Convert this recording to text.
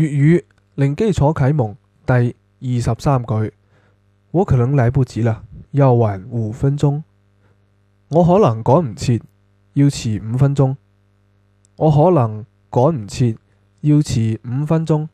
粵語零基礎啟蒙第二十三句，我可能來不及啦，要晚五分鐘。我可能趕唔切，要遲五分鐘。我可能趕唔切，要遲五分鐘。